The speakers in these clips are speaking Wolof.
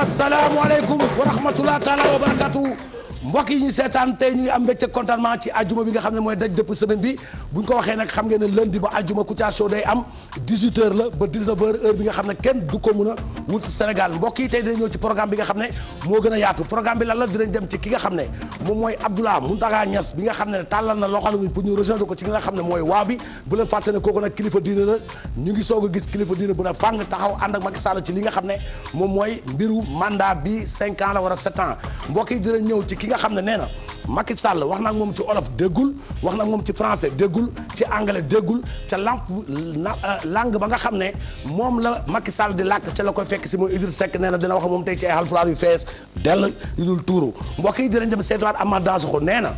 asalaamualeykum wa rahmatulah taalaa wa barakaatu. mbokk yi ñu seetaan tey ñu ngi am mbégte contentement ci ajjuma bi nga xam ne mooy daj dëpp semaine bi bu ñu ko waxee nag xam ngeen ne lundi ba ajjuma Kouthia Show day am 18 heures la ba 19 heures heure bi nga xam ne kenn du ko mën a wut mbokk yi tey dina ñëw ci programme bi nga xam ne moo gën a yaatu programme bi lan la dinañ dem ci ki nga xam ne moom mooy Abdoulaye Mountaga Niass bi nga xam ne tàllal na loxo bi pour ñu rejoindre ko ci nga xam ne mooy waa bi bu leen fàtte ne kooku kilifa diine la ñu ngi soog a gis kilifa diine bu ne fàng taxaw ànd ak Macky Sall ci nga xam ne moom mooy mbiru mandat bi 5 la war a 7 ans mbokk yi dinañ ñëw ci nga xam ne nee na Macky Sall wax na moom ci olof déggul wax na moom ci français déggul ci anglais déggul ca langue euh, langue ba nga xam ne moom la Macky sal di làkk ci la koy fekk si mooy Idriss Seck nee na dina wax moom tey ci ay alpulaar yu fees dell yu dul tuuru mbokk yi dinañ dem seetuwaat Amath Dansokho nee na.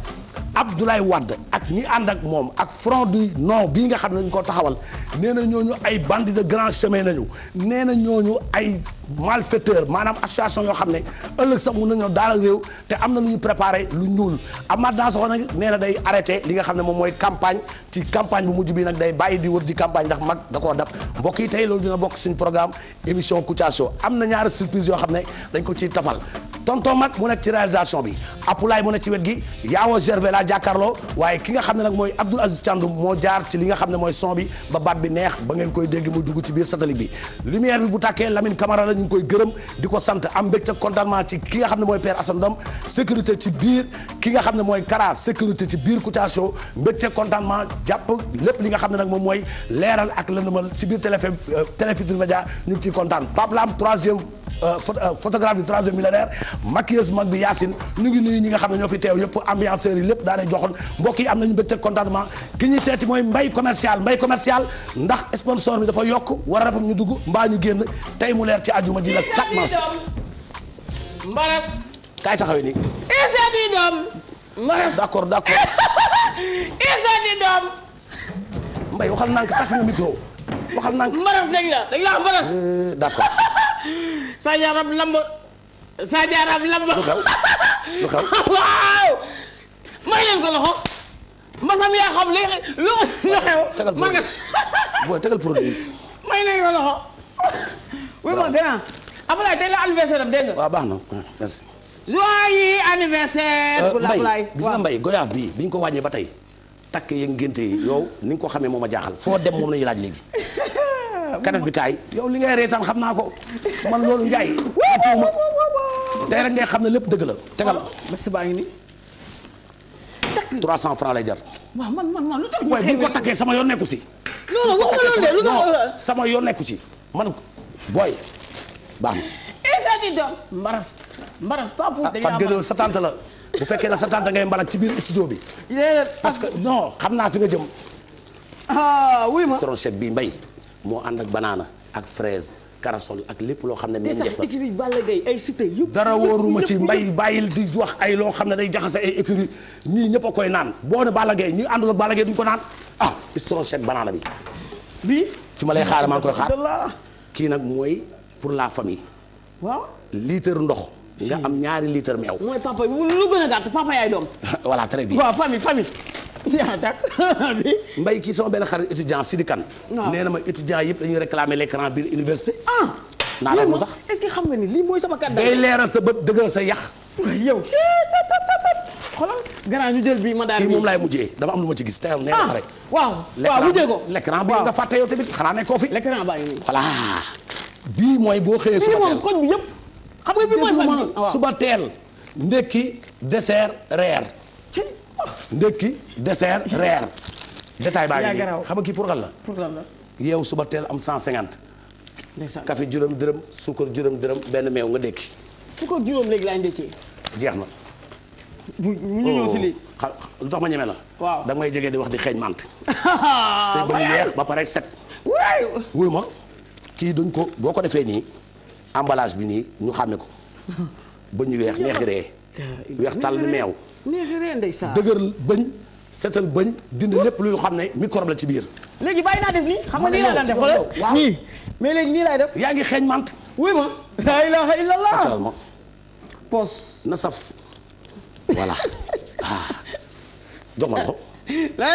Abdoulaye Wade ak ñi ànd ak moom ak front du non bii nga xam ne dañ ko taxawal nee na ñooñu ay bandits de grand chemin nañu nee na ñooñu ay malfaiteurs maanaam association yoo xam ne ëllëg sax mun nañoo daal réew te am na lu ñu préparé lu ñuul Amath Dansokho nag nee na day arrêté li nga xam ne moom mooy campagne ci campagne bu mujj bi nag day bàyyi di wër di campagne ndax mag da koo dab mbokk yi tey loolu dina bokk suñu programme émission Kouthia Show am na ñaari surprise yoo xam ne dañ ko ciy tafal tonton bi Sofé laa jàkkaarloo waaye ki nga xam ne nag mooy Abdoul Aziz Thiandoum moo jaar ci li nga xam ne mooy son bi ba baat bi neex ba ngeen koy dégg mu dugg ci biir satellite bi lumière bi bu tàkkee Lamine Camara la ngi koy gërëm di ko sant am mbégte contentement ci ki nga xam ne mooy Père Assane Dom sécurité ci biir ki nga xam ne mooy Kara sécurité ci biir Kouthia Show mbégte contentement jàpp lép li nga xam ne nag moom mooy leeral ak lëndëmal ci biir Télé euh, Télé Futurs Médias ñu ngi ciy kontaan Pape Lam troisième euh, euh, photographe du troisième millénaire maquilleuse mag lépp joxoon mbokk yi am nañu mbégte contentement ki ñuy seeti mooy mbay commercial mbay commercial ndax sponsor bi dafa yokk war a rafam ñu dugg mbaa ñu génn tey mu leer ci àjjuma ji la 4 mars mbaras kaay taxawee nii isa di doom mbaras d'accord d'accord isa la dañ euh, lamb sa lamb lu xew may leen ko loxo Masam yaa xam li lu xew. tegal produit may leen ko loxo. waaw ma grand. Ablaye tey la anniversaire am dégg nga. waaw baax na ah, merci. joyeux anniversaire. Euh, pour Ablaye gis mbay goyaaf bi bi ñu ko wàññee ba tey. takk yeeg ngénte yi yow ni nga ko xamee moom a jaaxal foo dem moom la ñuy laaj léegi. kanet bi kaay yow li ngay reetaan xam naa ko man loolu njaay. tey rek ngay xam ne lépp dëgg la tegal. Ah, 300 francs lay jar. waaw man man man lu tax waaye ko takkee sama yoon nekku si. non lu tax euh, sama yoon nekku si man booy baax na. et eh, ça mbaras mbaras pas pour. Ah, dañuy sa tante la bu fekkee ne sa tante ngay mbalak ci biir studio bi. parce que non xam naa fi nga jëm. Ah, ma. restaurant chef bi moo ànd ak banaana ak fraise. karasol ak lépp loo xam ne. te sax écurie Balla Gaye ay cité yëpp dara wóoruma ci mbay bàyyil di wax ay loo xam ne day jaxase ay écurie ñii ñëpp a koy naan boo ne Balla Gaye ñuy àndul ak Balla Gaye duñ ko naan ah stronchette banaana bi. fi ma lay xaar maa koy xaar kii nag mooy pour la famille. waaw litre ndox. nga am ñaari litre meew. mooy papa lu gën a gàtt papa yaay doom. voilà très bien mbay kii sama benn xarit étudiant Sidi Kane. waaw nee na ma étudiant yëpp dañuy réclamer l'écran biir université. ah naa la moo tax est que xam nga ni lii mooy sama kàddaa. day leeral sa bët dëgëral sa yàq. yow. xoolal gannaaw ñu jël bii ma daal kii moom laay mujjee dama am lu ma ci gis te nee na ah, pare. waaw waaw mujjee ko l'écran bi nga fàtte yow tamit xanaa koo fi. l'écran baa ngi nii bii mooy boo xëyee suba teel bii moom xam nga bii mooy fan bi ah, suba teel ndekki dessert reer ndekki dessert reer. détail baa ngi nii xam kii pour lan la. pour la. yow suba teel am 150. ndeysaan café juróom dërëm suukar juróom dërëm benn meew nga dékki. suukar juróom léegi laay ndekkee. jeex na. bu ñu ñëw oh. lu tax ma ñeme la. waaw da nga jege di wax di xeeñ mant. say ba ñu ba pare set. waaw wuyu ma kii duñ ko boo ko defee nii emballage bi nii ñu xàmme ko. ba ñu weex neexiree. weex tàll ni meew. neexiree ndeysaan dëgëral bañ setal bañ dindi lépp luy xam ne microbe la ci biir. léegi bàyyi naa def nii xam nga nii laa daan def xoolal def. yaa ngi xeeñ mant. wuy ma. la ilaha illallah. pos na saf. Ah. la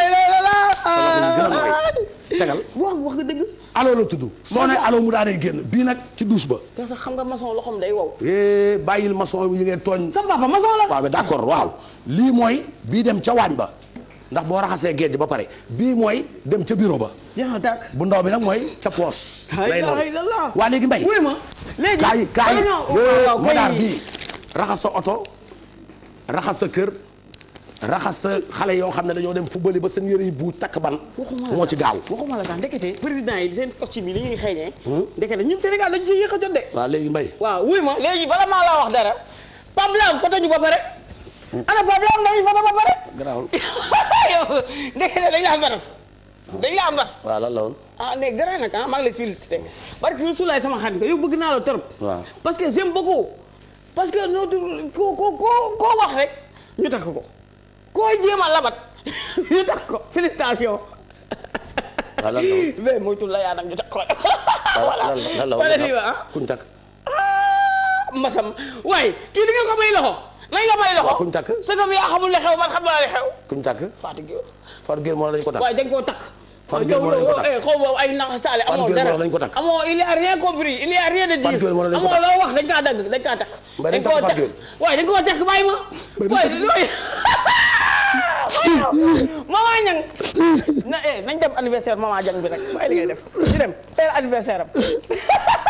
ah. tegal wax wax nga dëgg. allo la tudd. soo ne allo mu daanee génn bii nag ci douche ba. te sax xam nga maçon loxoom day wow. Eh, bàyyil maçon yi ngeen tooñ. sa papa maçon la. waaw d'accord waaw. lii mooy bii dem ca waañ ba ndax boo raxasee géej ba pare bii mooy dem ca bureau ba. bu ndaw bi nag mooy ca poos. lay doon waa léegi mbay. wuy ma léegi kaay kaay ma daal bii raxas oto raxas sa kër raxas sa xale yoo xam ne dañoo dem football ba seen yëre yi takk ban. moo ci gaaw waxuma la sax ndekete président yi seen costume yi li ñuy xeeñee. Hmm? ndekete ñun Sénégal dañ ci yéex a jot de. waa bala maa laa wax dara Pape Lam foto ñu ba pare. ana Pape la am nañu fa dama pare. garaawul. yow ndeke dañ baras dañ laa mbas. waaw lan la woon. ah mais nag ah bëgg naa la trop. waaw parce que j'aime beaucoup. parce que nootu ko ko wax rek ñu takk ko koo jéem a labat ñu takk ko félicitation. Ah. Ah, waaye kii di ko may loxo. nañ la may loxo kuñ takk sëgam yaa xamul li xew man xam naa li xew kuñ takk Fatou Gueye Fatou Gueye moo lañ ko takk waaw dañ koo takk Fatou Gueye moo lañ ko takk eh, xaw boobu ay nax saale amoo dara lañ ko takk amoo il y a rien compris il y a rien de dire amoo loo wax dañ kaa dagg dañ kaa takk dañ koo takk waaye dañ koo takk bàyyi ma waaye looy maman Niang na eh, nañ dem anniversaire maman Niang bi rek waaye li ngay def ñu dem teel anniversaire am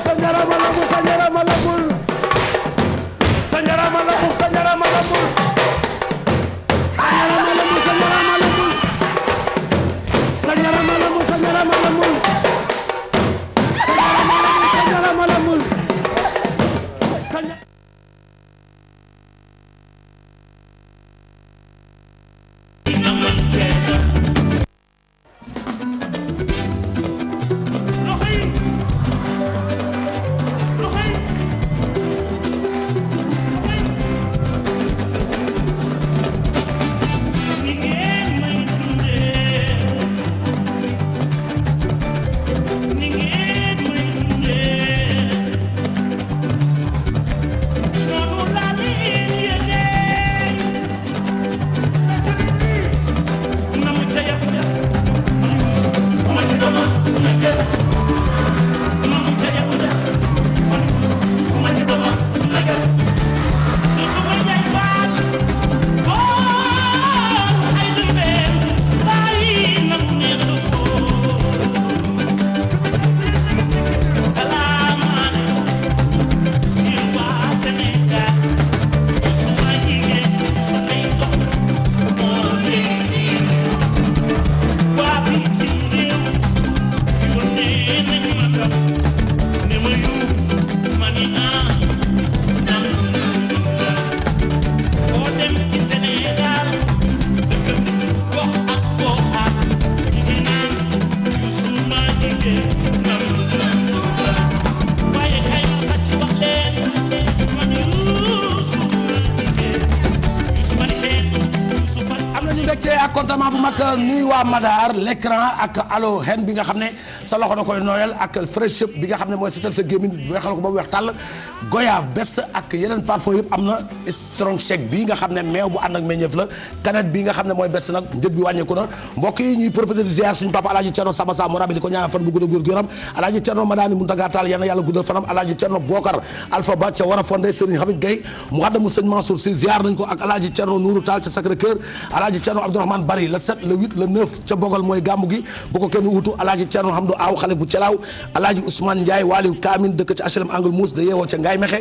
sa njarama lamu sa njarama lamul sa njarama lamu sa njarama lamul sa njarama lamu sa njarama lamul sa njarama lamu sa njarama lamul Touba Madar l'écran ak alo hen bi xam ne sa loxo da koy nooyal ak fresh up bi xam ne mooy setal sa gémmiñ weexal ko ba weex tàll goyaaf bes ak yeneen parfum yëpp am na strong shake bii nga xam ne meew bu ànd ak meññeef la canette bii nga xam ne mooy bés nag njëg bi wàññeeku na mbokk yi ñuy profité du ziar suñu papa alaaji Cerno Samba Samb Morabi di ko ñaanal fan bu gudd góor gu yaram guddal fanam Cerno Bokar Bari le 7 le 8 le 9 ca Bogal mooy gàmmu gi bu ko kenn wutu alaaji Cerno Hamdou Aw xale bu Celaaw alaaji Ousmane Ndiaye Waaliw Kaamin dëkk ca HLM Angle Mousse da yeewoo ca Ngaay Mexe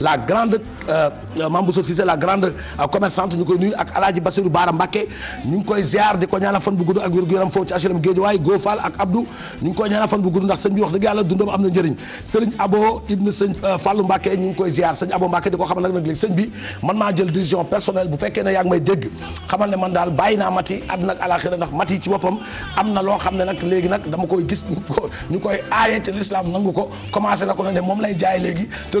la grande euh, euh, Mame Bousso la grande euh, commerçante ñu koy nuyu ak Alaaji Bassirou Baara Mbacké ñu ngi koy ziar di ko ñaanal fan bu gudd ak wér gu yaram foofu ci HLM Guédiawaye Go Fall ak Abdou ñu ngi koy ñaanal fan bu gudd ndax sëñ bi wax dëgg yàlla dundam am na njëriñ sëriñ Abo ibn sëñ Fallou Mbacké ñu ngi koy ziar sëñ Abo Mbacké di ko xamal bu fekkee ne yaa ngi may dégg man daal bàyyi naa mati àdduna ak alaxira ndax mati ci boppam am na loo xam ne nag léegi nag dama koy gis ñu koy aaye te l'islam nangu ko commencé na ko ne moom lay jaay léegi te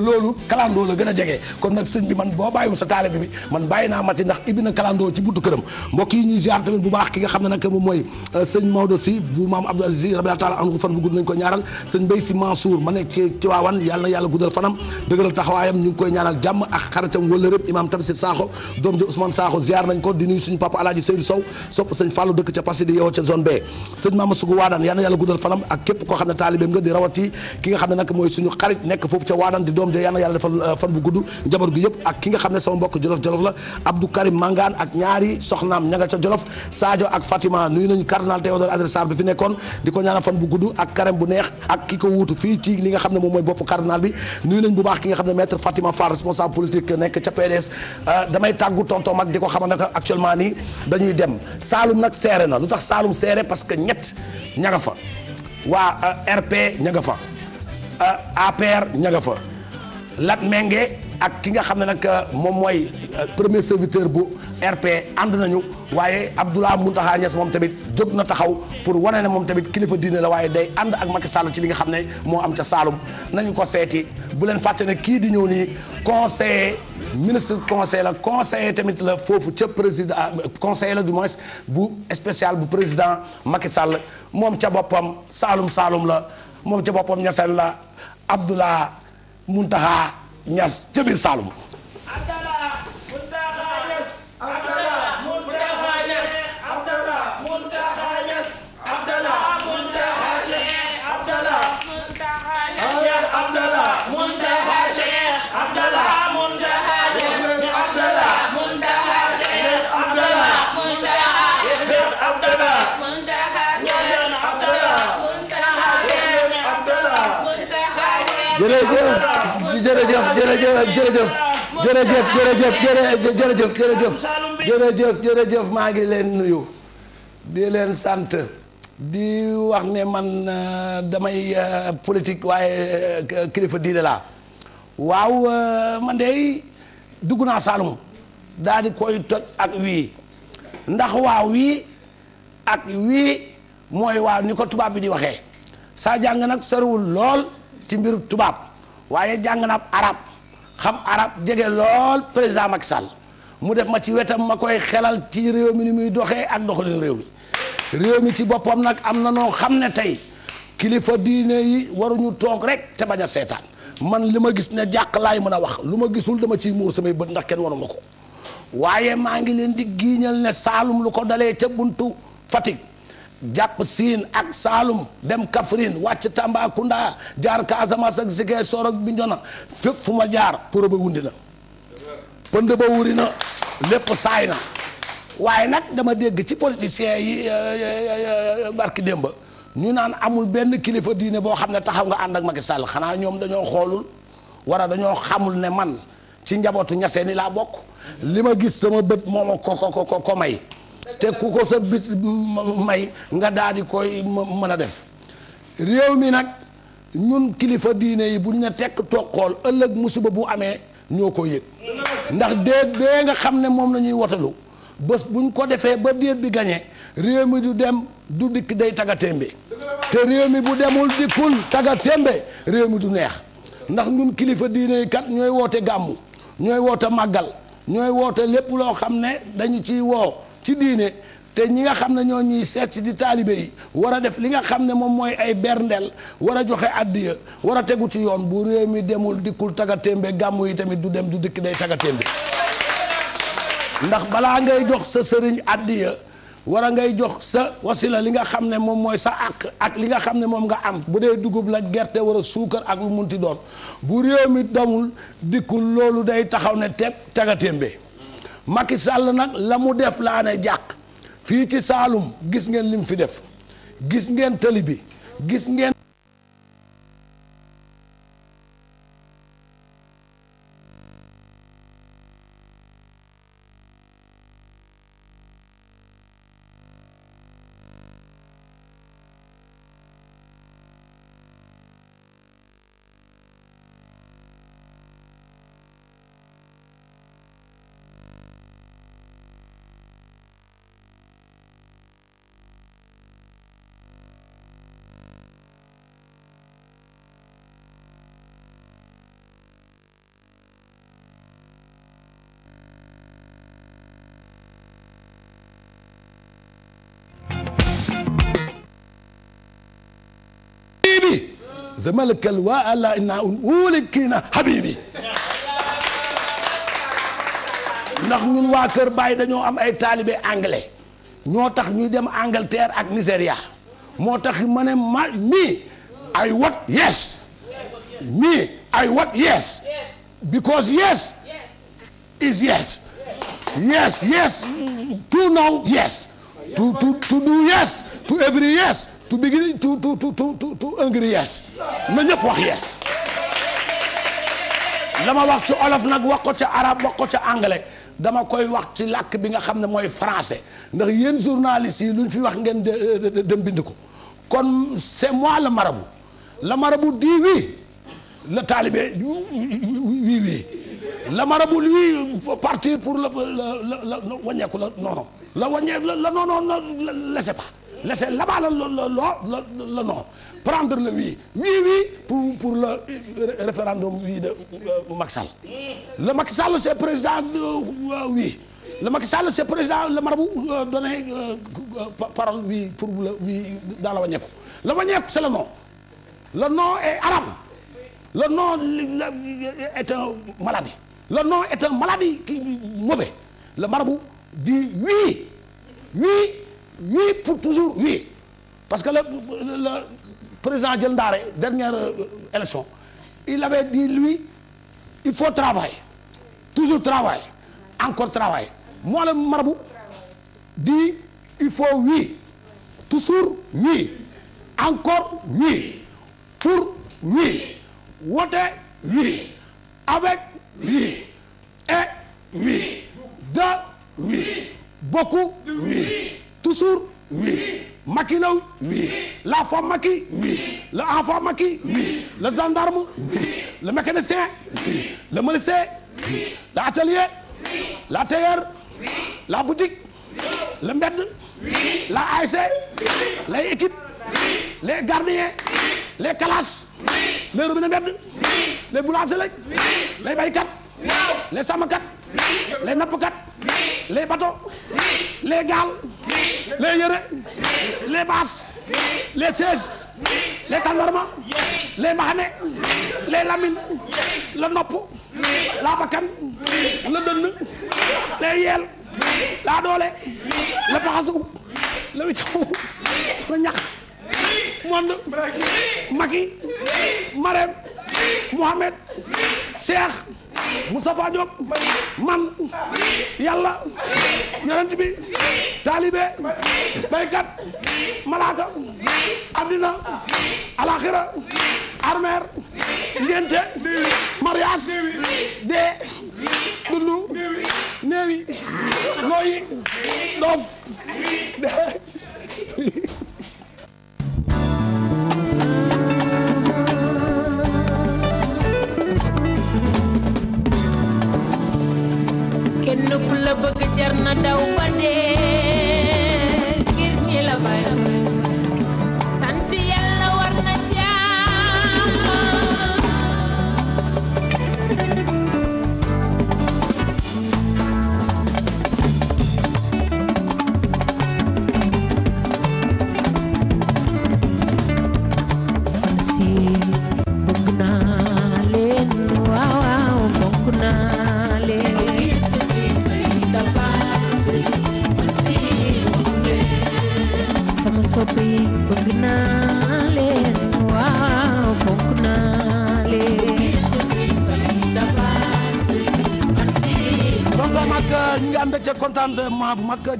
yow la gën a jege kon nag sëñ bi man boo bàyyiwul sa taalibe bi man bàyyi naa mati ndax ibbi na ci buntu këram mbokk yi ñuy ziar tamit bu baax ki nga xam ne nag mooy suñu xarit nekk foofu ca Waadaan di doom ja yàlla yàlla defal euh, fan bu gudd njaboot gi yëpp ak ki nga xam ne sama mbokk jolof jolof la Abdou Karim Mangane ak ñaari soxnaam ña nga ca jolof Sadio ak Fatima nuyu nañu cardinal Théodore Adrien Sarr bi fi nekkoon di ko ñaanal fan bu gudd ak carême bu neex ak ki ko fii ci li nga xam ne moom mooy bopp cardinal bi nuyu nañ bu baax ki nga xam ne maître Fatima Fall responsable politique euh, damay tàggu tonton mag di ko xamal ne actuellement nii dañuy dem Saalum nag seere na lu tax Saalum seere parce que ñett ña nga fa waa euh, RP ña nga fa euh, APR ña nga fa Lat Menge ak ki nga xam ne nag euh, moom mooy euh, premier serviteur bu RP ànd nañu waaye Abdoulaye Mountakha Niass moom tamit jóg na taxaw pour wane ne moom tamit kilifa diine la waaye day ànd ak Macky Sall ci li nga xam ne moo am ca Saalum nañu ko seeti bu leen fàtte na kii di ñëw nii conseiller ministre conseil la conseiller tamit la foofu ca président euh, conseil la du moins bu spécial bu président Macky Sall moom ca boppam Saalum Saalum la moom ca boppam Niassène la Abdoulaye. Muntaxa Ñas ca biir Saalum jërëjëf jërëjëf jërëjëf jërëjëf jërëjëf jërëjëf jërëjëf jërëjëf jërëjëf maa ngi leen nuyu di leen sant di wax ne man damay politique waaye kilifa diine laa waaw man de dugg naa Saloum daal koy toj ak wii ndax waaw wii ak wii mooy waaw ni ko tubaab bi di waxee saa jàng nag soriwul lool ci mbiru tubaab. waaye jàng naa arab xam arab jege lool président Macky sàll mu def ma ci wetam ma koy xelal ci réew mi ni muy doxee ak doxalin réew mi réew mi ci boppam nag am na noo xam ne tey kilifa diine yi waruñu toog rek te bañ a seetaan man li ma gis ne jàq laay mën a wax lu ma gisul dama ciy muur samay bët ndax kenn wanu ma ko waaye maa ngi leen di giiñal ne saalum lu ko dalee ca buntu Fatick jàpp siin ak saalum dem Kaffrine wàcc Tambacounda jaar Casamance ak Ziguinchor ak Bignona fépp fu ma jaar pour ba wundi na pënd ba wuri na lépp saay na waaye nag dama dégg ci politiciens yi euh, euh, euh, barki démb ñu naan amul benn kilifa diine boo xam ne taxaw nga ànd ak Macky Sall xanaa ñoom dañoo xoolul wala dañoo xamul ne man ci njabootu ñasee ni laa bokk li ma gis sama bët mooma ko ko ko ko may te ku ko sa bis may nga daal di koy mën a def réew mi nag ñun kilifa diine yi buñ ne tekk toog xool ëllëg musuba bu amee ñoo ko yëg ndax déet bee nga xam ne moom la ñuy wotalu bés buñ ko defee ba déet bi gañee réew mi du dem du dikk day tagatémbe te réew mi bu demul dikkul tagatémbe réew mi du neex ndax ñun kilifa diine yi kat ñooy woote gàmmu ñooy woote màggal ñooy woote lépp loo xam ne dañu ciy woo ci diine te ñi nga xam ne ñoo ñuy seet si di taalibe yi war a def li nga xam ne moom mooy ay berndel war a joxe addiya war a tegu ci yoon bu réew mi demul dikkul tagatémbe gàmmu yi tamit du dem du dikk day tagatémbe ndax balaa ngay jox sa sëriñ addiya war a ngay jox sa wasila li nga xam ne moom mooy sa àq ak li nga xam ne moom nga am bu dee dugub la gerte war a suukar ak lu munti doon bu réew mi demul dikkul loolu day taxaw ne teg tagatémbe Macky sàll nag la mu def laa ne jàq fii ci Saalum gis ngeen lim fi def gis ngeen tëli bi gis ngeen zamalakal waa allah inna un uulikiina habibi ndax ñun waa Kër Baye dañoo am ay taalibe anglais ñoo tax ñuy dem Angleterre ak Nigeria moo tax ma ne ma me I want yes me I want yes because yes is yes yes yes to now yes to do yes to every yes to begin to to to to to yes. na ñëpp wax yes la ma wax ci olof nag wax ko ci arabe wax ko ci anglais dama koy wax ci làkk bi nga xam ne mooy français ndax yéen journalistes yi lu ñu fi wax ngeen dem bind ko kon c'est moi la marabu la marabout dit oui le talibé oui oui le marabout lui partir pour la la la wàññeeku la non non la wàññeeku la non non la laissez pas. laisser là-bas le, le, le, le, non, prendre le oui. Oui, oui, pour, pour le euh, référendum oui de euh, Maxal. Le Maxal, c'est président de euh, oui. Le Macky président, le marabout euh, euh, euh parole oui pour le oui dans la Wagneku. Le Wagneku, c'est le nom. Le nom est arabe. Le nom est maladie. Le nom est maladie qui est mauvaise. Le marabout dit oui. oui parce que le, le président Jël dernière euh, élection il avait dit lui il faut travailler toujours travailler encore travailler moi le marabout dit il faut oui toujours oui encore oui pour oui wote oui avec oui et oui beaucoup oui toujours oui Macky Naw la femme Macky oui le enfant Macky oui le gendarme oui le mécanicien oui le menuisier oui l'atelier la tailleur la boutique le mbedd la ASC les équipes les gardiens les classes les robinet mbedd les boulangers les baykat les sàmmkat les nappkat les bateaux les gaal les yére les baas les seize les tandarma les mbaxane les lamine la nopp la bakkan la dënn les yeel la doole la faxasu la wiccaxu la ñax mond maki marem Mohamed Cheikh Moustapha Diop man yàlla yonent bi taalibe baykat malaaka addina alaxira armeer ngénte mariage de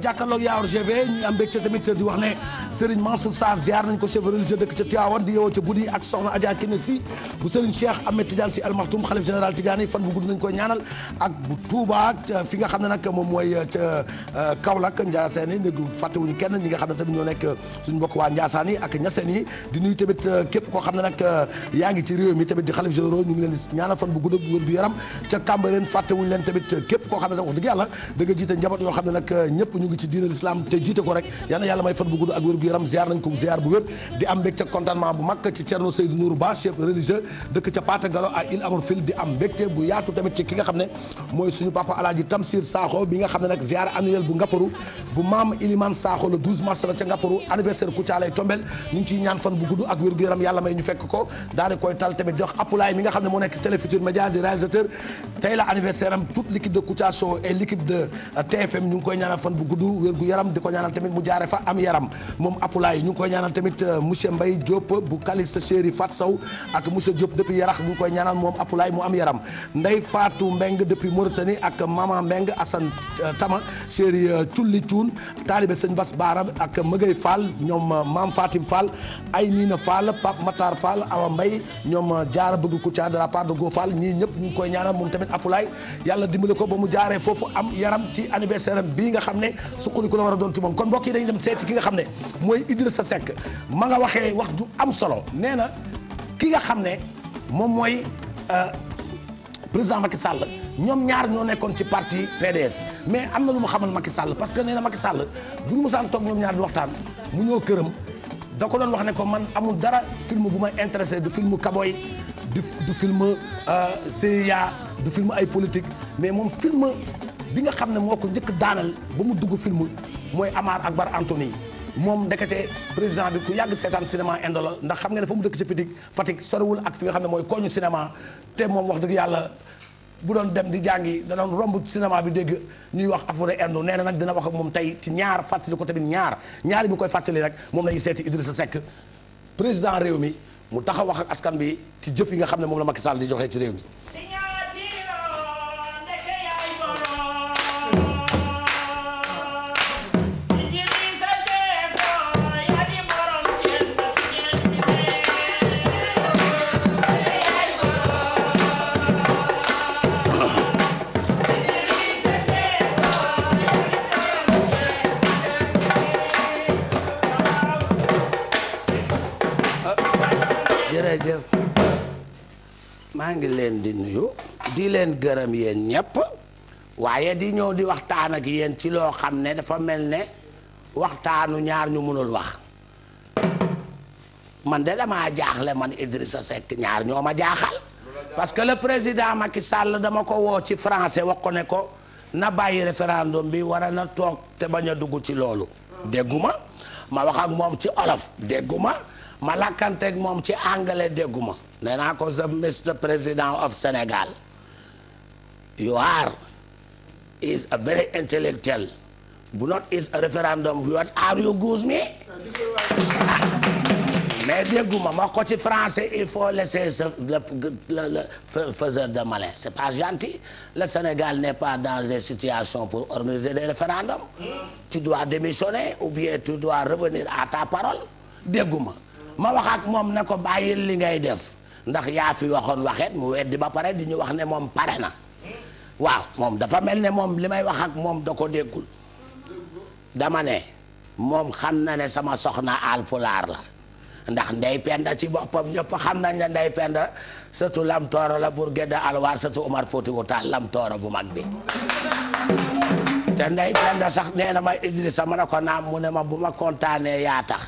jàkkaarloog yaa orgv ñuy am mbégte tamit di wax ne Serigne Mansour Sarr ziar nañ ko chef religieux dëkk ca Tivaouane di yowoo ca guddi ak soxna Adja Kine si bu Serigne Cheikh Ahmed Tidiane si almaxtum xalif général Tidiane yi fan bu gudd nañ koy ñaanal ak bu Touba fi nga xam ne nag moom mooy euh, ca euh, Kaolack Ndiassane yi dégg fàttewuñu kenn ñi nga xam ne tamit ñoo nekk euh, suñu mbokk waa Ndiassane yi ak Ñaseen yi di nuyu tamit képp koo xam ne nag yaa ngi ci réew mi tamit di xalif généraux ñu ngi leen di ñaanal fan bu gudd ak gu yaram ca Cambérène fàttewuñu leen tamit képp koo xam ne wax dëgg yàlla da jiite njaboot yoo xam ne nag ñëpp ñu ngi ci diinal islam te jiite ko rek yal na yàlla may fan bu gudd ak wér gu yaram ziar nañ dëkk ca Paate Ngalo à Île à Morphil di am mbégte bu yaatu tamit ci ki nga xam ne mooy suñu papa alaaji Tamsir Sakho bi nga xam ne nag ziara annuel bu Ngapparu bu maam Ilimane Sakho le 12 mars la ca Ngapparu anniversaire Kouthia lay tombel ñu ko daal di koy tal tamit nga xam ne moo nekk Télé Futurs di réalisateur tey la anniversaire am toute l'équipe de Kouthia Show et l'équipe de euh, TFM ñu ngi koy ñaanal fan bu gudd wér gu yaram di ko ñaanal tamit mu fa am yaram moom Diop depuis Yarax ñu ngi koy ñaanal moom Apulaay mu am yaram Ndey Fatou Mbeng depuis Mauritanie ak Maman Mbeng Assane euh, Tama chéri euh, Tulli Cuun taalibe sëñ Bas Baara ak Mëgay Fall ñoom euh, Maam Fatim Fall ay Nina Fall Pape faal am a Mbay ñoom Jaara bëgg Kouthia de la part de Go Fall ñii ñëpp ñu ngi koy ñaanal moom tamit Apulaay yàlla dimbali ko ba mu jaaree foofu am yaram ci anniversaire am bii nga xam ne suqaliku la war a doon ci moom kon mbokki yi dañuy dem ki nga xam ne mooy Idrissa Seck ma nga waxee wax ju am solo nee na ki nga xam ne moom mooy euh, président Macky Sall ñoom ñaar ñoo nekkoon ci parti PDS mais am na lu mu xamal Macky Sall parce que nee na Macky Sall bu ñu mosaan toog ñoom ñaar di waxtaan mu ñëw këram da ko doon wax ne ko man amul dara film bu may intéressé du film kaboy du du film euh, CIA du film ay politique mais moom film bi nga xam ne moo ko njëkk daanal ba mu dugg film mooy Amar Akbar Anthony moom ndekete président bi ku yàgg seetaan cinéma indo la ndax xam nga ne fa mu dëkk ci Fatick Fatick soriwul ak fi nga xam ne mooy kooñu cinéma te moom wax dëgg yàlla bu doon dem di jàngi da doon romb cinéma bi dégg ñuy wax affaire indo nee na nag dina wax ak moom tey ci ñaar fàttali ko tamit ñaar ñaari bi koy fàttali rek moom lañuy seeti Idrissa Seck président réew mi mu tax a wax ak askan bi ci jëf yi nga xam ne moom la Macky Sall di joxe ci réew mi maa ngi leen di nuyu di leen gërëm yéen ñëpp waaye di ñëw di waxtaan ak yéen ci loo xam ne dafa mel ne waxtaanu ñaar ñu mënul wax man de damaa jaaxle man Idrissa Seck ñaar ñoo ma jaaxal parce que le président Macky sàll dama ko woo ci français wax ko ne ko na bàyyi référendum bi war a na toog te bañ a dugg ci loolu dégguma ma wax ak moom ci olof dégguma ma lakkanteeg moom ci anglais déggu ma nee naa ko sa président President of Senegal you are is a very intellectual bu not is a referendum what you goose me mais dégguma ma ko ci français il faut laisser le le le faiseur de malin c'est pas gentil le Sénégal n'est pas dans une situation pour organiser des référendums tu dois démissionner ou bien tu dois revenir à ta parole dégguma ma wax moom na ko bàyyil li ngay def ndax yaa fi waxoon waxeet mu weddi ba pare di ñu wax ne moom pare na waaw moom dafa mel ne moom li may wax moom da ko déggul dama ne moom xam na ne sama soxna alpulaar la ndax nday penda ci boppam ñëpp xam nañ ne ndey penda sëtu lam la bur gédda alwaar sëtu Omar Foutiou Tall lam bu mag bi te ndey penda sax nee na ma Idrissa ma ne ko naam mu ne ma bu ma kontaanee yaa tax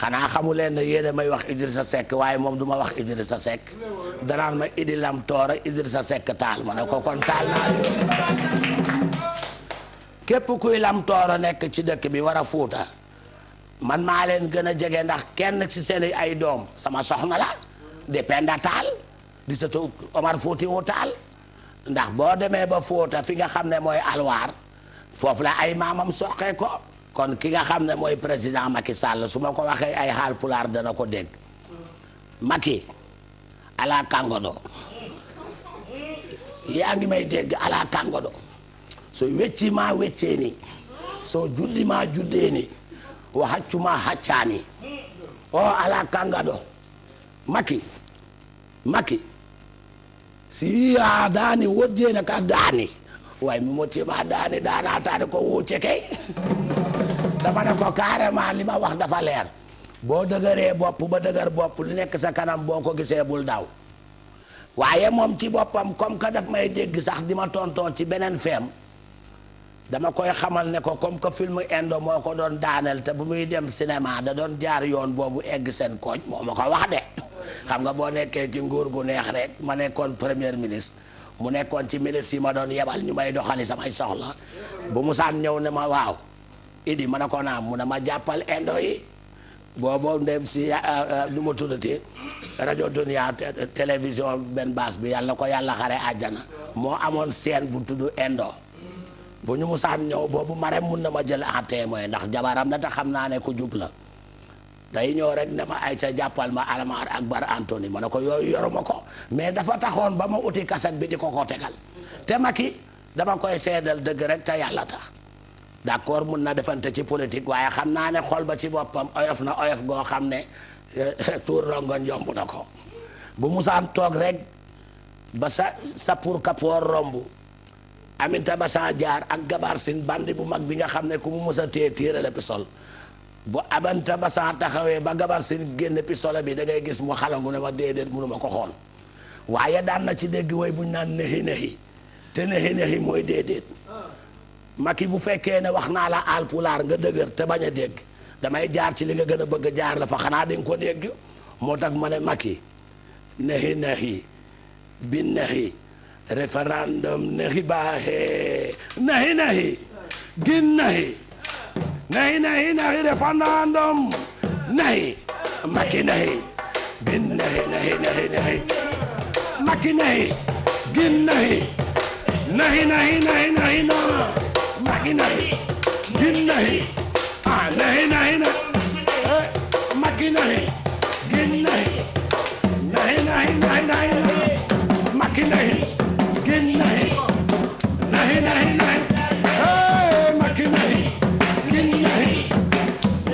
xanaa xamu leen ne yéen may wax sa Seck waaye moom duma wax wax sa Seck danaan ma Idi Lam Toora Idrissa Seck taal ma ne ko kon taal képp kuy Lam Toora nekk ci dëkk bi war a fuuta man maa leen gën a jege ndax kenn ci seeni ay doom sama soxna la di Penda Taal di sëtu Omar Fuuti wu Taal ndax boo demee ba Fuuta fi nga xam ne mooy alwaar foofu la ay maamam soqee ko kon ki nga xam ne mooy président Macky Sall su ma ko waxee ay xaal pulaar dana ko dégg Macky ala kàngodo yaa ngi may dégg ala kàngodo so wecci ma weccee ni so ma juddee wa haccu ma haccaa ni o ala kàngodo Macky Macky si a daani wojjeene ka daani way mi mo tima daani daanataade ko wuuce kay dama ne ko carrément li ma wax dafa leer boo dëgëree bopp ba dëgër bopp lu nekk sa kanam boo ko gisee bul daw waaye moom ci boppam comme que daf may dégg sax di ma tontoo ci beneen feem dama koy xamal ne ko comme que film indo moo ko doon daaneel te bu muy dem cinéma da doon jaar yoon boobu egg seen koñ moo ma ko wax de xam nga boo nekkee ci nguur gu neex rek ma nekkoon premier ministre mu nekkoon ci ministre yi ma doon yebal ñu may doxali samay soxla bu mu saan ñëw ne ma waaw idi ma ne ko naam mu ne ma jàppal indo yi boobu ndem si nu ma tuddati rajo Dunia télévision benn baas bi yàlla na ko yàlla xare àjjana moo amoon seen bu tudd indo bu ñu musaan ñëw boobu marem mun na ma jël en témoin ndax jabaram la te xam naa ne ku jubla day ñëw rek ne ma ay ca jàppal ma alamaar ak bar Anthony ma ne ko yooyu yoruma ko mais dafa taxoon ba ma uti kaset bi di ko ko tegal te ma dama koy seedal dëgg rek te yàlla tax d'accord mun na defante ci politique waaye xam naa ne xol ba ci boppam oyof na oyof goo xam ne tuur rongoñ yomb na ko bu musaan toog rek ba sa sa sappour kapoor romb aminta basan jaar ak gabar sin bandi bu mag bi nga xam ne ku mu mës a téye tiire la bu abanta basan taxawee ba gabar sin génn pisole bi da ngay gis mu xalangu ne ma déedéet mënuma ko xool waaye daan na ci dégg way buñ naan neexi neexi te neexi neexi mooy déedéet Macky bu fekkee ne wax naa la alpulaar nga dëgër te bañ a dégg damay jaar ci li nga gën a bëgg a jaar la fa xanaa di ko dégg moo tax ma ne Macky nexi nexi bi nexi référendum nexi baaxee nexi nexi gin nexi nexi nexi nexi référendum nexi Macky nexi bin nexi nexi nexi nexi Macky nexi gin nexi nexi magi nahi gin nahi ah nahi nahi na magi nahi gin nahi nahi gin nahi nahi nahi nahi hey magi gin nahi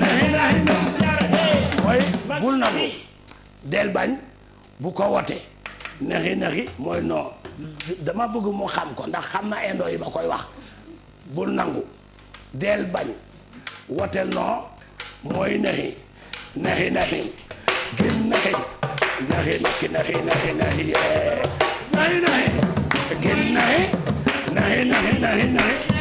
nahi nahi na way bul nagu del bañ bu ko wote naxi naxi mooy non dama bëgg mu xam ko ndax xam na indo yi ma koy wax bul nangu del bañ wotel non mooy nexi nexi nexi gin nexi nexi nexi nexi nexi nexi nexi nexi gin nexi nexi nexi nexi nexi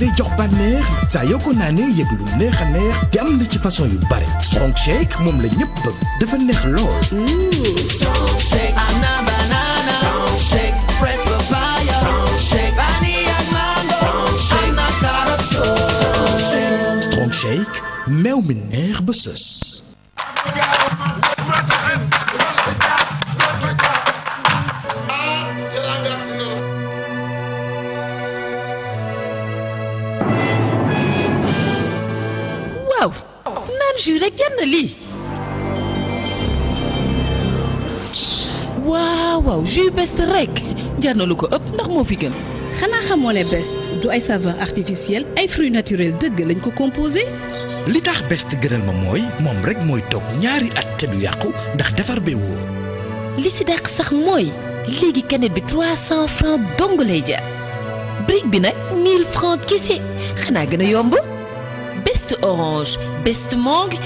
bi jox bànneex saa yoo ko naanee yëg lu neex a neex te am ci façon yu bari strong shake moom la ñëpp bëgg dafa neex lool. strong shake ana banana strong shake fresh papaya strong shake strong shake ana carrot strong shake strong shake meew mi neex de kenn lii waaw waaw jus best rek jar na lu ko ëpp ndax moo fi gën xanaa xamoo ne best du ay saveur artificiel ay fruits naturels dëgg lañ ko composé li tax best gënal ma mooy moom rek mooy toog ñaari at te yàqu ndax defar bee wóor li si dàq sax mooy léegi canette bi 300 francs dong lay jar brique bi nag 1000 francs kese xanaa gën a yomb best orange best mangue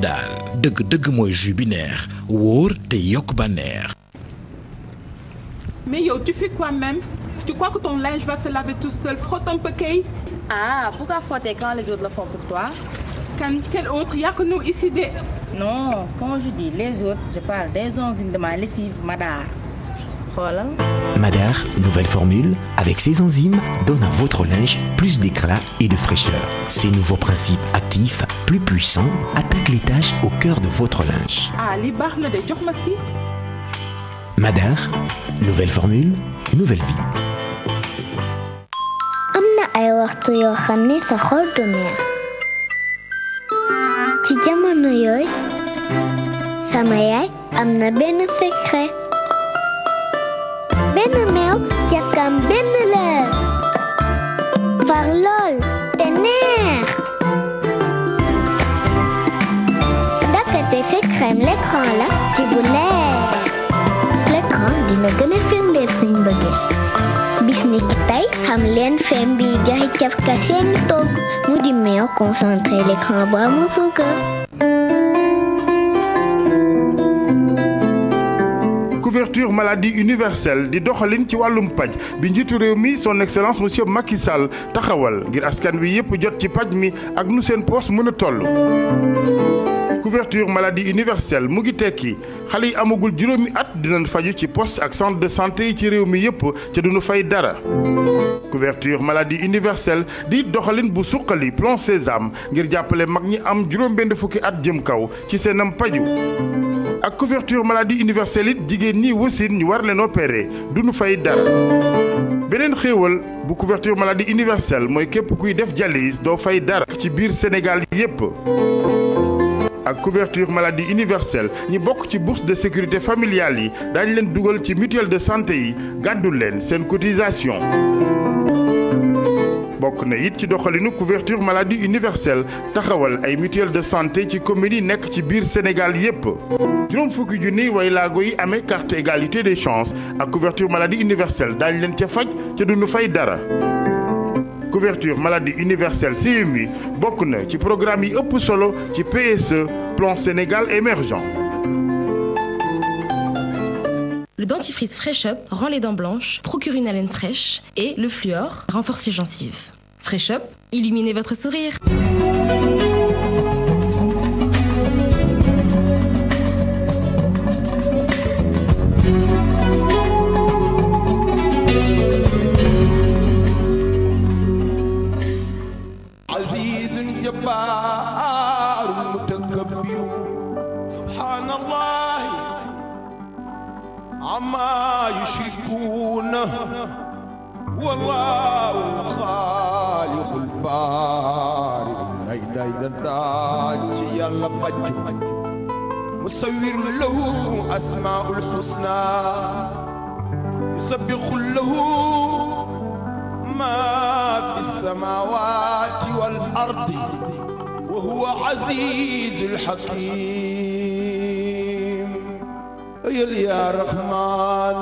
daal dëgg dëgg mooy jus bi neex wóor te yokk ba neex. mais yow tu fais quoi même tu crois que ton linge va se laver tout seul frotte un peu kay. ah pourquoi frotter quand les autres le font pour toi. kan quel autre y a que nous ici de. non quand je dis les autres je parle des enzymes de ma lessive Madar. xoolal. nouvelle formule, avec ses enzymes, donne à votre linge plus d'éclat et de fraîcheur. Ces nouveaux principes actifs, plus puissants, attaquent les au cœur de votre linge. Ah, ma si. Madar, nouvelle formule, nouvelle vie. am na ay benn meew jaskam benn la far te neex dakate se crème l'écran la ci bu leer l'écran dina gën a firndeel suñ bëggee bis ni ki xam leen fem bi jaxe cafka seeni toog mu di meew concentré l'écran bu amul suukar maladie universelle di doxalin ci wàllum paj bi njiitu réew mi son excellence monsieur Macky Sall taxawal ngir askan wi yëpp jot ci paj mi ak nu seen poos mën a toll couverture maladie universelle mu ngi tekki xale yi amagul juróom juróomi at dinañ faju ci post ak centre de santé yi ci réew mi yépp ca duñu fay dara couverture maladie universelle di doxalin bu suqali plan Sésame ngir jàppale mag ñi am juróom benn fukki at jëm kaw ci seenam paju ak couverture maladie universelle it jigéen ñi wasin ñu war leen opéré duñu fay dara beneen xéewal bu couverture maladie universelle mooy képp kuy def dialyse doo fay dara ci biir Sénégal yépp ak couverture maladie universelle ñi bokk ci bourse de sécurité familiale yi daañu leen dugal ci mutuelle de santé yi gàddul leen seen cotisation bokk na it ci doxalinu couverture maladie universelle taxawal ay mutuelle de santé ci communes yi nekk ci biir Sénégal yépp juróom fukki junni way laago yi amee carte égalité des chances ak couverture maladie universelle daañu leen ca faj ca duñu fay dara couverture maladie universelle CMU bokk na ci programme yi ëpp solo ci PSE plan Sénégal émergent. Le dentifrice Fresh Up rend les dents blanches, procure une haleine fraîche et le fluor renforce les gencives. Fresh illuminez votre sourire. عما يشركون والله خالق الباري لا اله الا الله يلا بجو مسور له اسماء الحسنى يسبح له ما في السماوات والارض وهو عزيز الحكيم yal yaa raxmaan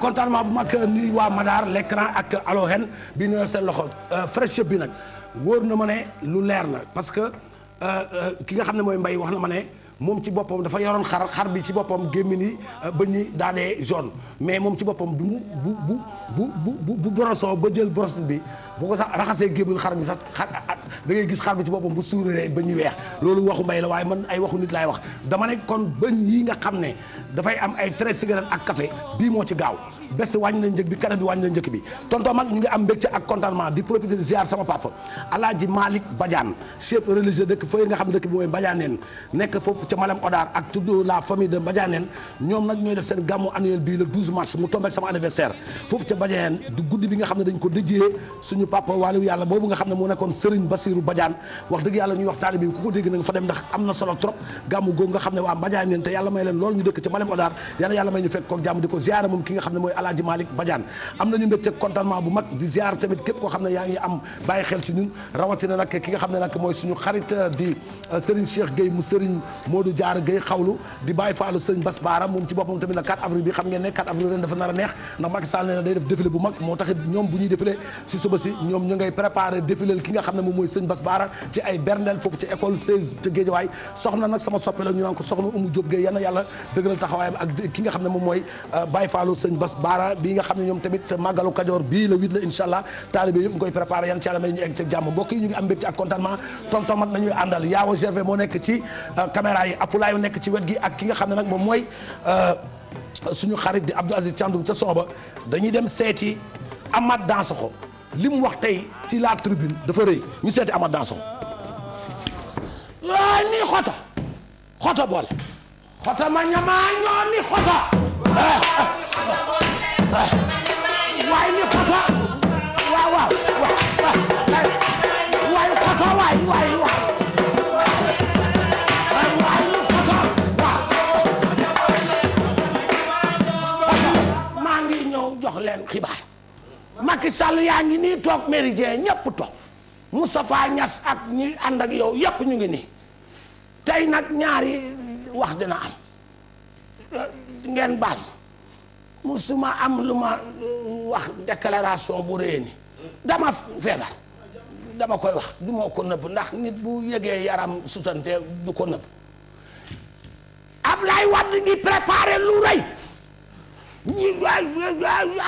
contentement bu mag nuy waa Madaar l'écran ak Alohen bi ñu seen loxo euh, fraîche bi nag wóor na ma ne lu leer la parce que euh, euh, ki nga xam ne mooy mbay wax na ma ne moom ci boppam dafa yoroon xar xar bi ci boppam gémmin yi ba ñuy daadee jaune mais moom ci boppam bu bu bu bu bu bu broso ba jël brosse bi. bu ko sax raxasee gémmiñ xar mi sax xar da ngay gis xar bi ci boppam bu suuree ba ñu weex loolu waxu mbay la waaye man ay waxu nit laay wax dama ne kon bëñ yi nga xam ne dafay am ay treize cigarette ak café bii moo ci gaaw best wàññi nañ njëkk bi kare bi wàññi nañ njëkk bi tonton mag ñu ngi am mbégte ak contentement di profiter de ziar sama papa alaaji Malick Badiane chef religieux dëkk fëy nga xam ne dëkk bi mooy Badianeen nekk foofu ca Malem Odar ak tudd la famille de Badianeen ñoom nag ñooy def bii le 12 mars mu tombé sama dañ ko déjee papa waaliw yàlla boobu nga xam ne moo nekkoon Serigne Bassirou Badiane wax dëgg yàlla ñuy wax taalibe bi ku ko dégg na nga fa dem ndax am na solo trop gàmmu googu nga xam ne waa Mbadiane neen te yàlla may leen loolu ñu dëkk ca Malem Odar yàlla may ñu fekk kook jàmm di ko ziyaara moom ki nga xam ne mooy Alaaji Malick Badiane am nañu mbégte contentement bu mag di ziyaar tamit képp koo xam ne yaa ngi am bàyyi xel ci ñun rawatina nag ki nga xam ne nag mooy suñu xarit euh, di euh, Serigne Cheikh Gueye mu Serigne Modou Diarra Gueye xawlu di bàyyi faalu Serigne Bass Baara moom ci boppam tamit la 4 avril bi xam ngeen ne 4 avril ren dafa nar a neex ndax Macky Sall nee na day def défilé bu mag moo taxit si ñoom ñu ngay préparé défilé ki nga xam ne moom mooy sëñ Bass Baara ci ay berndeel foofu ci école 16 ca Géejawaay soxna la ñu naan ko soxna nga xam ne moom mooy euh, Baye Fallou sëñ Baara bii nga xam ne ñoom tamit màggalu Kajoor bii le huit la insha allah taalibe yëpp ngi koy préparé yan ci yàlla may ñu egg ca jàmm mbokk yi ñu ngi euh, nekk ci wet gi ak ki nga xam ne nag moom euh, suñu xarit di Abdou Aziz Thiandoum ca Soba dañuy dem seeti Amath Dansokho li mu wax tey ci la tribune dafa rëy ñu seeti Amath Dansokho laa ni xota xota boole xota ma ñamaa ñoo ni xota waay ni xota waaw waaw waay xota xibaar Macky Sall yaa ngi nii toog méridien ñépp toog Moustapha Niass ak ñi ànd ak yow yépp ñu ngi nii tey nag ñaari wax dina am ngeen baal ma musuma am lu ma euh, wax déclaration bu rëy ni dama feebar dama koy wax du ma ko nëbb ndax nit bu yëgee yaram sutante du ko nëbb Ablaye Wade ngi préparé lu rëy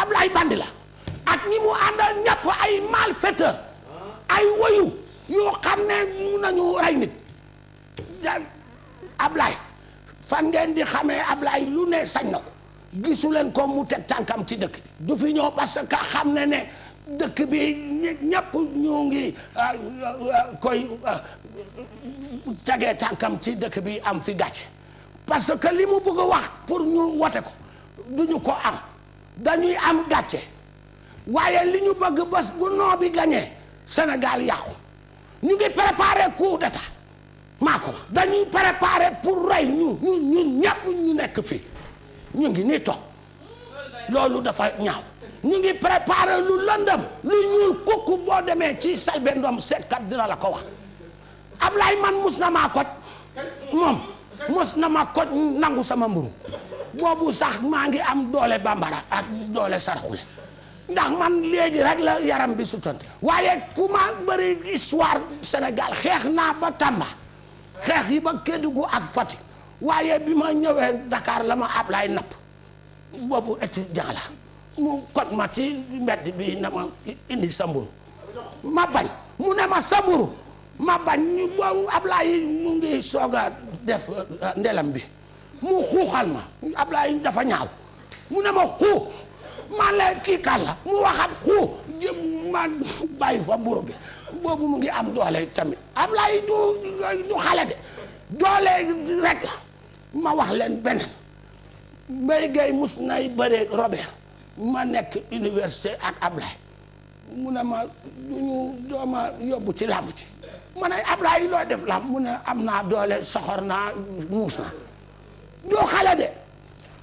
Ablaye bandi la ak ñi mu àndal ñàpp ay malfaiteur ay woyu yoo xam ne mun nañu rey nit Ablaye fan ngeen di xamee Ablaye lu ne sañ na ko gisu leen ko tànkam ci dëkk du fi parce que xam ne ne dëkk bi ñëpp ñu ngi euh, euh, euh, ci dëkk bi am fi gàcce parce que li mu bëgg a wax pour ñu wote ko du ñu ko am dañuy am gàcce waaye li ñu bëgg bés bu noo bi gañee senegal yàqu ñu ngi préparé coup d'état maa ko dañuy préparé pour rey ñu ñun ñun ñu nekk fii ñu ngi nii toog loolu dafa ñaaw ñu ngi préparé lu lëndëm lu ñuul kukku boo demee ci Selbé Ndom seetkat dina la ko wax Ablaye man mus na maa koj moom mos na ma koj nangu sama mburu boobu sax maa ngi am doole bambara ak doole sarxule ndax man léegi rek la yaram bi sutante waaye ku ma bëri histoire Sénégal xeex naa ba Tamba xeex yi ba Kédougou ak fati waaye bi ma ñëwee dakaar la ma Ablaay napp boobu étudiant la mu kot ma ci mbedd bi na ma indi samburu ma bañ mu ne ma samburu ma bañ ñu boobu Ablaay mu ngi soog a def euh, ndelam bi mu xuuxal ma Ablaay dafa ñaaw mu ne ma xuux malaakika la mu waxat xu ma bàyyi fa mburu bi boobu mu ngi am doole tamit Ablaye du du xale de doole rek la ma wax leen beneen Mbaye Gueye mus nay bëre Robert ma nekk université ak Ablaye mu ne ma duñu dooma yóbbu ci làmb ci ma ne Ablaye loo def làmb mu ne am naa doole soxor naa muus na du xale de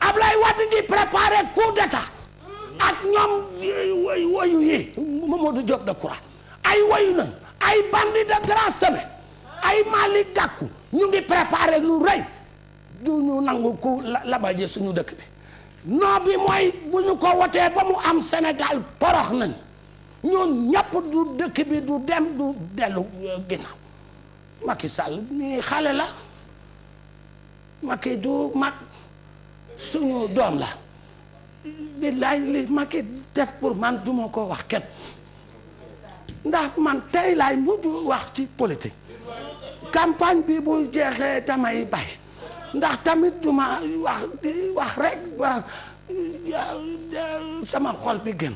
Ablaye Wade ngi préparé coup d'état ak ñoom wayu yi Mamadou Diop Decroix ay wayu nañ ay bandit de grand sommet ay Malick Gakou ñu ngi préparé lu rëy du ñu nangu ku labaje suñu dëkk bi non bi mooy bu ñu ko wotee ba mu am Sénégal porox nañ ñun ñëpp du dëkk bi du dem du dellu euh, ginnaaw Macky Sall mii xale la Macky du mag suñu doom la billaay li Macky def pour man duma ko wax kenn ndax man tey laay mujj wax ci politique campagne bi bu jeexee damay bay ndax tamit duma wax di wax rek sama xol bi gën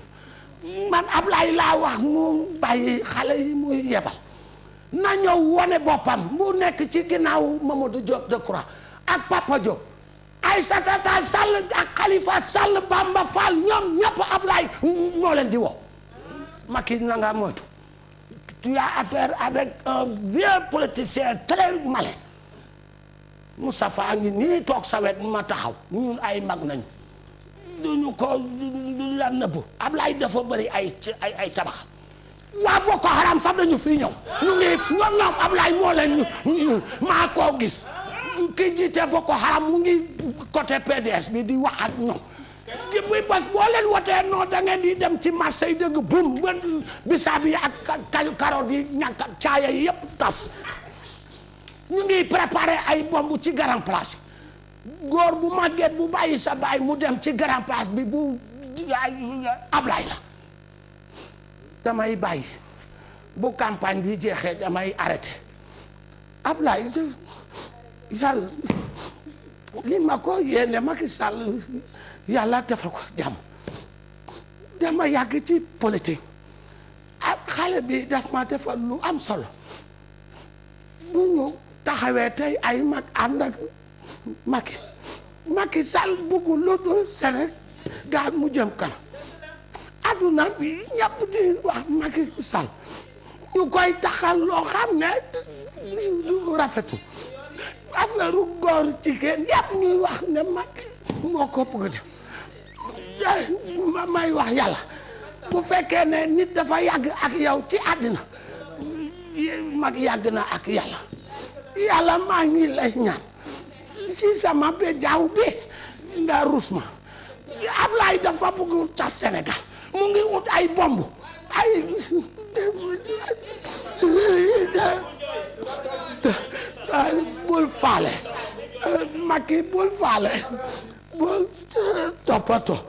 man Ablaye laa wax mu bàyyi xale yi muy yebal na ñëw wone boppam mu nekk ci ginnaaw Mamadou Diop Decroix ak Papa Diop Aïssata Tall Sall a Khalifa Sall Bamba Fall ñoom ñëpp Ablaye ñoo leen di woo Macky na nga moytu tu as affaire avec un vieux politicien très malin Moustapha ngi nii toog sa wet ma taxaw ñun ay mag nañu duñu ko duñu la nëbb Ablaye dafa bëri ay ay ay tabax waa Boko Haram sax dañu fii ñoom ñoom Ablaye moo leen maa koo gis ki jiite Boko Haram mu ngi côté PDS bi di wax ak ñoom bi parce que boo leen wotee non da ngeen di dem ci marché yi dëgg bum bisaab yi ak kayu karoot yi ñàkk caaya yi yëpp tas ñu ngi préparé ay bomb ci grand place góor bu màgget bu bàyyi sa baay mu dem ci grand place bi bu Ablaay la damay bàyyi bu campagne bi jeexee damay arrêté Ablaay yàlla li ma ko yéene Macky Sall yàlla defal ko jàmm dama yàgg ci politique ak ah, xale bi daf ma defal lu am solo bu ñu taxawee tey ay mag ànd ak Macky Macky Sall bëggul lu dul Sénégal mu jëm kanam adduna bi ñëpp di wax Macky Sall ñu koy taxal loo xam ne du rafetu affaire góor jigéen yàpp ñuy wax ne Macky moo ko bëgg a may wax yàlla bu fekkee ne nit dafa yàgg ak yow ci àddina mag yàgg na ak yàlla yàlla maa ngi lay ñaan ci sama bejaaw bi nda rus ma Ablaye dafa bëgg tas Sénégal mu ngi ut ay bomb ay bul faale Macky bul faale bul eh, toppatoo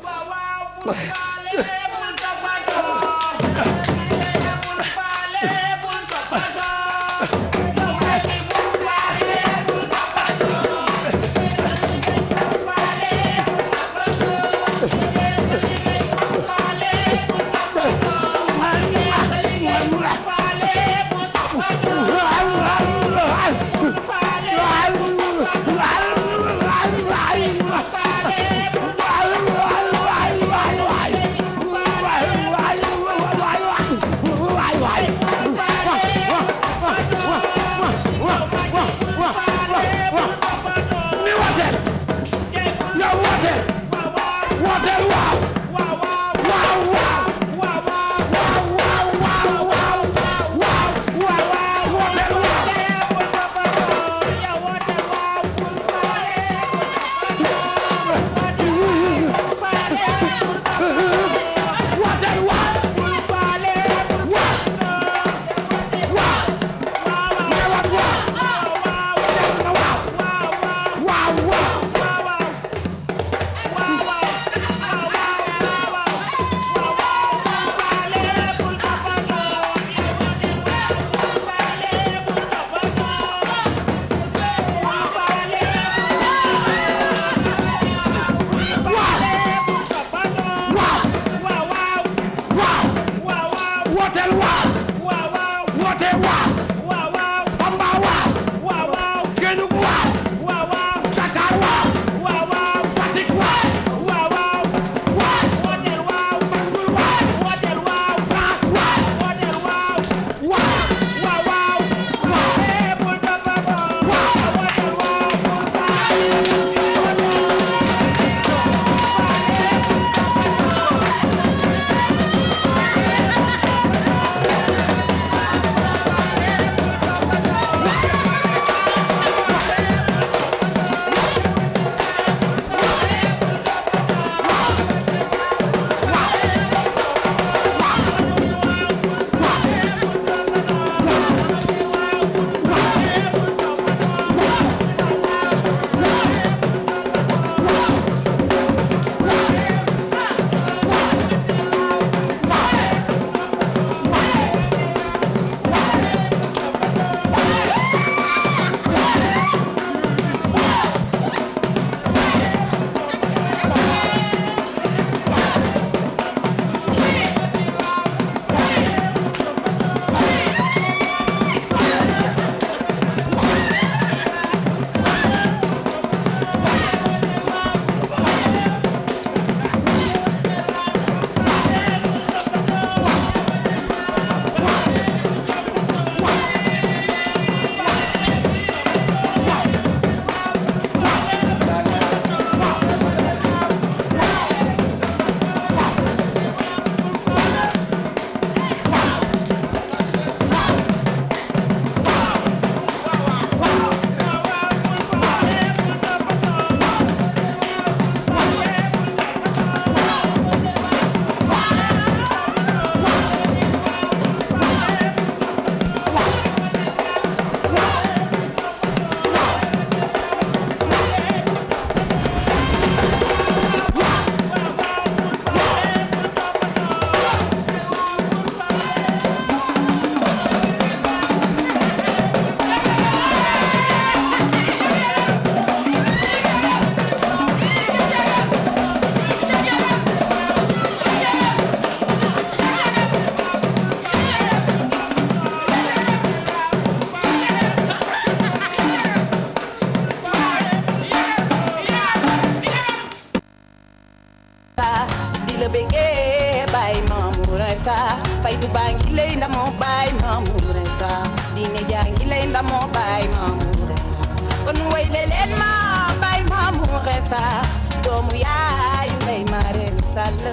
saa doomu yaayu ndey Marème Sall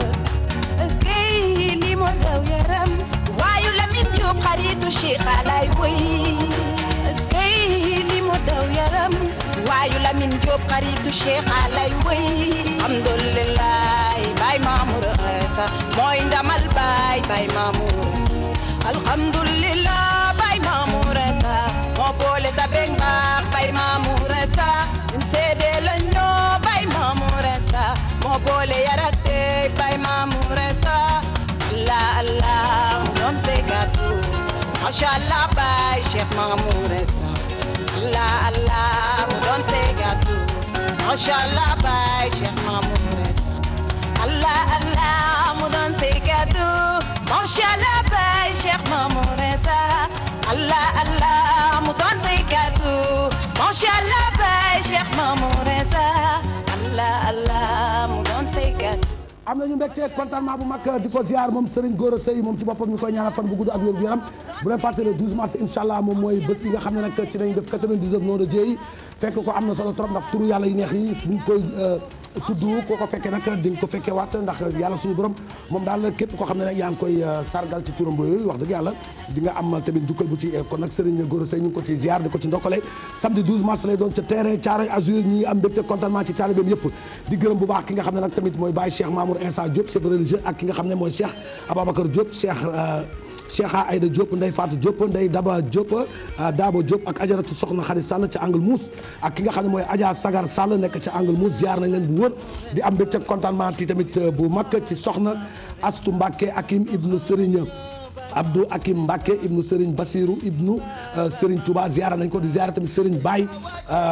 eskay li moo daw yaram waayu Lamin Jóob xaritu Cheikh Alay woy eskay li moo daw yaram waayu Lamin Jóob xaritu Cheikh Alay woy macha allah baay Cheikh Mamour Insa allah allah mu doon seegatu macha allah baay Cheikh Mamour Insa allah allah mu doon seegatu macha allah baay Cheikh Mamour Insa allah allah mu doon seegatu macha allah baay Cheikh Mamour Insa allah allah mu doon seegatu am nañu mbégte contentement bu mag di ko ziar moom Serigne Gora Seye moom ci boppam ñu koy ñaanal fan bu gudd ak wér gu yaram bu leen fàtte le 12 mars incha allah moom mooy bés bi nga xam ne nag ci nañ def 99 noonu de jéey fekk ko am na solo trop ndax turu yàlla yi neex yi bu ñu koy euh, tudd koo ko fekkee nag di ko fekkee waat ndax yàlla suñu borom moom daal képp koo xam ne nag yaa ngi koy euh, sargal ci turam yooyu wax dëgg yàlla di nga am tamit jukkal bu ci euh, kon nag Serigne Gora Seye ñu ngi ko ci ziar di ko ci ndokkale samedi doon ca terrain Thiaroye Azur ñu ngi am mbégte contentement ci taalibeem yëpp di gërëm bu baax xam ne nag tamit mooy Baye Cheikh Mamour Insa Diop chef religieux ak xam ne mooy Cheikh Ababacar Diop Cheikh euh, Cheikha Aïda Diop nday Fatou Diop nday Daba jopp ah, Dabo Diop ak ajaratu soxna Xadi Sall ca Angle Mousse ak ki nga xam ne mooy Adja Sagar Sall nekk ca Angle Mousse ziar nañ leen bu wër di am mbégte kontaan ti tamit eh, bu mag ci soxna Astu Mbàkke Akim Ibnu Serigne Abdou Akim Mbacke ibnu Serigne Basirou ibnu euh, Serigne Touba ziara nañ ko di ziara tamit Serigne Baye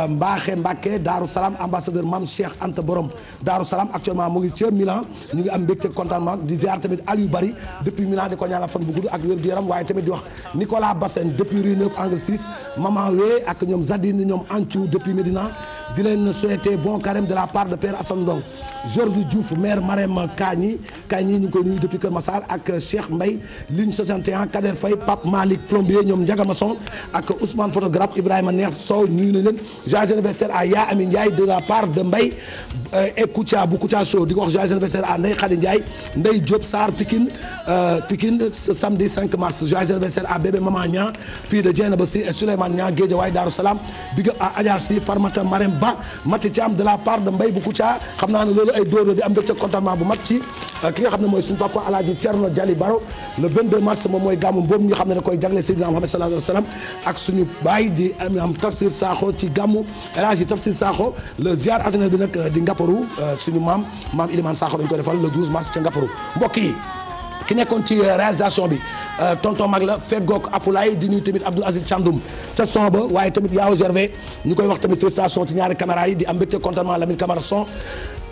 Mbaaxe euh, Mbacke Daaru Salaam ambassadeur Mame Cheikh Anta Borom Daaru Salaam actuellement mu ngi ca Milan ñu ngi am mbégte contentement di ziara tamit Aliou Bari depuis Milan di ko a fan bu gudd ak wér gu yaram waaye tamit di wax Nicolas Bassène depuis rue 9 angle 6 Maman Wé ak ñoom Zadine ñoom Anthiou depuis Médina di leen souhaiter bon carême de la Georges Diouf maire Marème Kaañi Kaañi ñu koy nuyu depuis Kër Massar ak Cheikh Mbaye ligne 61 Kader Faye Pape Malick plombier ñoom Ndiaga Masson ak Ousmane photographe Ibrahima Neex Sow nuyu na leen joyeux anniversaire à Ya Amin Ndiaye de la part de Mbaye euh, et Koutia bu Koutia Show di ko wax joyeux anniversaire à Ndeye Khady Ndiaye Ndeye Diop Sarr Pikine euh, Pikine samedi 5 mars joyeux anniversaire à bébé Maman Niang fille de Dieynaba Ba Mati Thiam de la part de Mbaye bu loolu ay dóor la di am mbégte contentement bu mag ci euh, ki nga xam ne mooy suñu papa alaaji Thierno Dialy Baro le mars moom mooy gàmmu boobu ñu xam ne da koy jagle Seydina Muhammad sallallahu alayhi wa sallam di euh, am tafsir Sakho ci gàmmu alaaji tafsir Sakho le ziar aténal bi nag euh, di ngapparu suñu maam maam Ilimane Sakho dañ koy defal le mars ca ngapparu mbokk yi ki nekkoon ci réalisation bi tonton mag la feggook Apulaay di nuyu tamit Abdoul Aziz Thiandoum ca son ba waaye tamit yaaw gervé ñu yi di am mbégte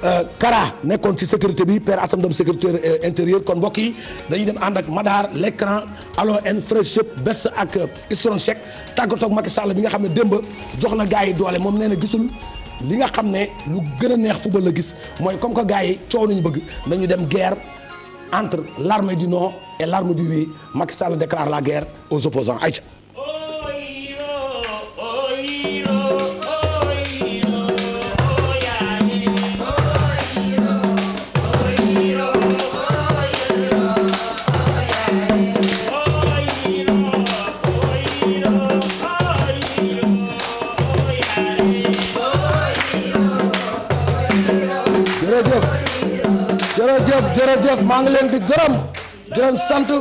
Euh, Kara nekkoon ci sécurité bi père Assam Dom sécurité euh, intérieur kon mbokk yi dañuy dem ànd ak Madaar l'écran alors en fraîchep bés ak Istron euh, Cheikh tàggatoog Macky Sall bi nga xam ne démb jox na gars yi doole moom nee na gisul li nga xam ne lu gën a neex football la gis mooy comme que gars yi coow nañu bëgg nañu dem guerre entre l'armée du non et l'armée du oui Macky Sall déclare la guerre aux opposants Aïcha maa ngi leen di gërëm di sant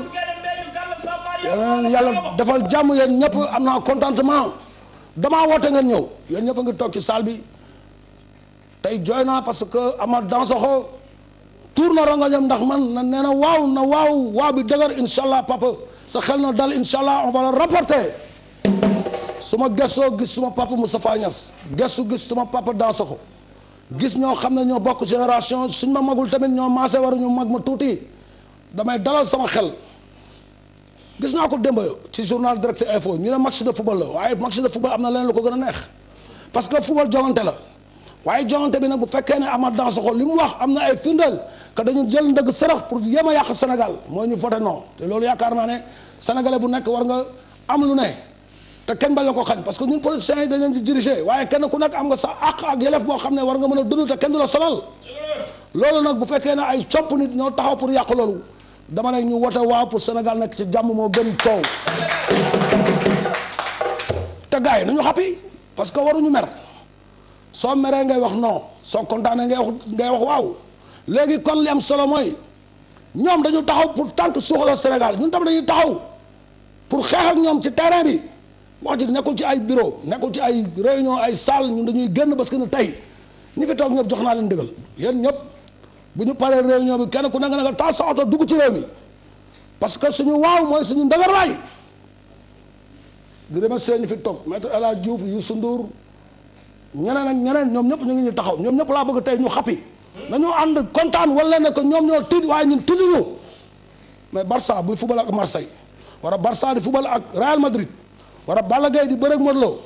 yàlla defal jàmm yéen ñëpp am naa contentement damaa woote ngeen ñëw yéen ñëpp a ngi toog ci saal bi tey jooy naa parce que ama dansoxo tuur na rongañam ndax man na nee na waaw na waaw waaw bi dëgër incha allah papa sa xel na dal incha allah on va le remporter su ma gëstoo gis suma papa Moustapha Niass gëstu gis suma papa dansoxo gis ñoo xam ne ñoo bokk génération suñ ma magul tamit ñoo maase waruñu mag ma tuuti damay dalal sama xel gis naa ko démb ci journal direct info ñu ne match de football la waaye match de football am na leneen lu ko gën a neex parce que football jongante la waaye jongante bi nag bu fekkee ne Amath Dansokho li mu wax am na ay firndeel que dañu jël ndëgg sërëx pour yem a yàq Sénégal moo ñu voté non te loolu yaakaar naa ne sénégalais bu nekk war nga am lu ne. te kenn ba la ko xaj parce que ñun politiciens kenn ku nekk am nga sa àq ak yelef boo xam ne nga a dund te kenn du la sonal nag bu fekkee ne ay comp nit ñoo taxaw pour yàq loolu dama ne ñu wote waaw pour Sénégal nekk ci jàmm moo gën coow yi nañu xappi parce que waruñu mer soo meree ngay wax non soo kontaanee ngay wax ngay wax waaw léegi kon li am solo mooy ñoom dañu taxaw pour tànk suuxaloo Sénégal ñun tam dañuy taxaw pour xeex ak ñoom ci terrain bi wax ji nekkul ci ay bureau nekkul ci ay réunion ay salle ñun dañuy génn parce que ne tey ñi fi toog ñëpp jox naa leen dëggal yéen ñëpp bu ñu paree réunion bi kenn ku ne nga nga taal sa oto dugg parce que suñu waaw mooy suñu ndëgërlaay di remercier ñu fi toog maître El Hadj Diouf Youssou Ndour ñeneen ak ñeneen ñoom ñëpp ñu ñu taxaw ñoom ñëpp laa bëgg tey ñu xappi nañu ànd kontaan wala ne que ñoom ñoo tiit waaye ñun tiituñu mais Barça buy football ak Marseille wala Barça di football ak Real Madrid. war a Balla Gaye di bëreeg Modou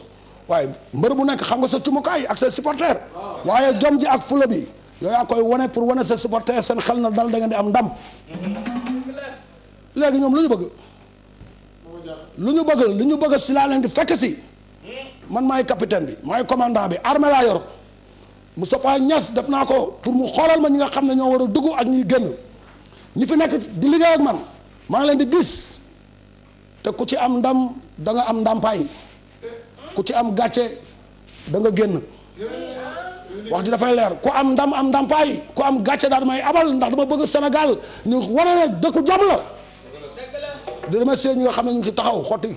waaye mbër bu nekk xam nga sa cumukaay ak sa supporter waaye jom ji ak fula bi yooyu yaa koy wone pour wane sa supporter seen xel na dal danga ngeen di am ndam léegi ñoom lu ñu bëgg lu ñu bëgg lu ñu bëgg si laa leen di fekk si man maay capitaine bi maay commandant bi armée laa yor Moustapha Niass def naa ko pour mu xoolal ma ñi nga xam ne ñoo war a dugg ak ñuy génn ñi fi nekk di liggéey ak man maa ngi leen di gis te ku ci am ndam da nga am ndàmpaay ku ci am gàcce danga nga génn wax ji dafay leer ku am ndam am ndàmpaay ku am gàcce daal may abal ndax dama bëgg Sénégal ñu wane ne dëkku jàmm la di remercier ñi nga xam ne ñu ci taxaw xotti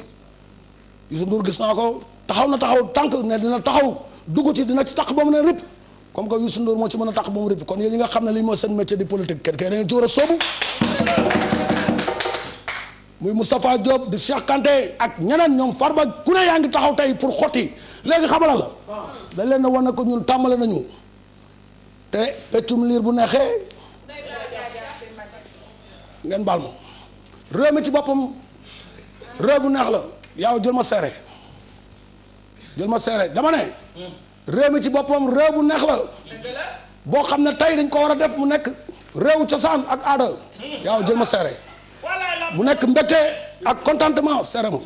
Youssou Ndour gis naa ko taxaw na taxaw tànk ne dina taxaw dugg ci dina ci tax moom ne rip comme que Youssou Ndour moo ci mën a tax ba mu rip kon yéen nga xam ne lii moo seen métier di politique kenn kenn dañu ci war a sóobu muy Moustapha Diop di Cheikh Kanté ak ñeneen ñoom Farba ku ne yaa ngi taxaw tey pour xotti léegi xamala la da leen na wan na ko ñun tàmmale nañu te peccum liir bu neexee ngeen baal ma réew mi ci boppam réew bu neex la yow jël ma seere jël ma seere dama ne réew mi ci boppam réew bu neex la boo xam ne tey dañ ko war a def mu nekk réew cosaan ak aada yow jël ma seere mu nekk mbette ak contentement seramo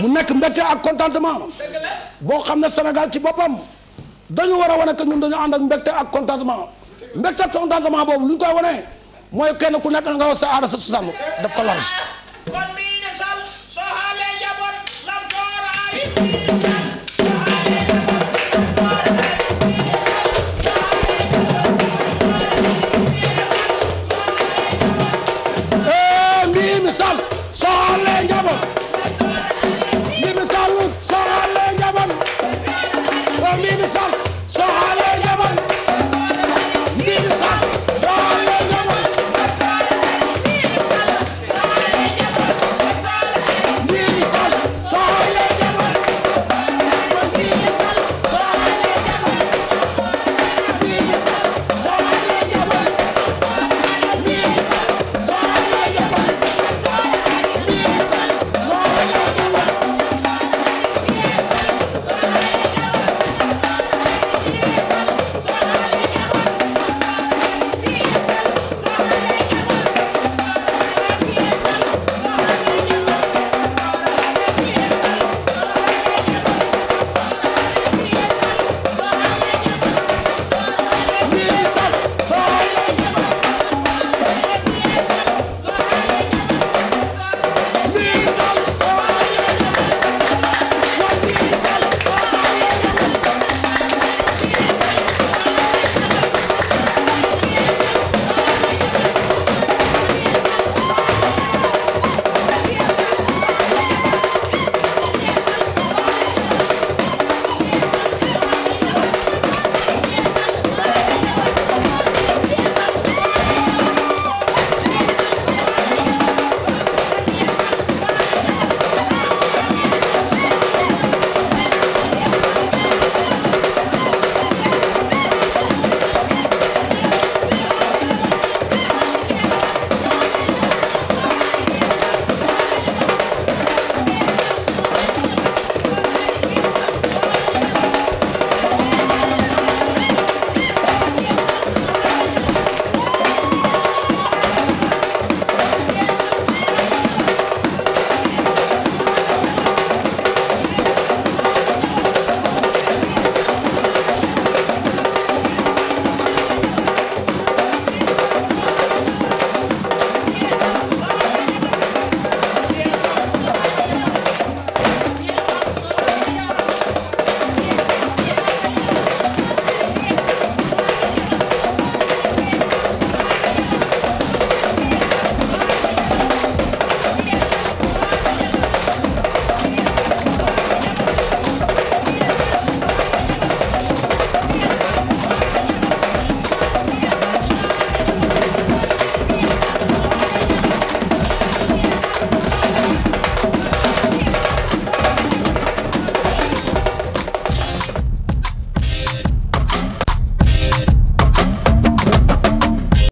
mu nekk mbette ak contentement boo xam ne Sénégal ci boppam dañu war a wane que ñun dañu ànd ak mbette ak contentement mbette ak contentement boobu lu ñu koy wane mooy kenn ku nekk na nga wax sa aada sa cosaan daf ko large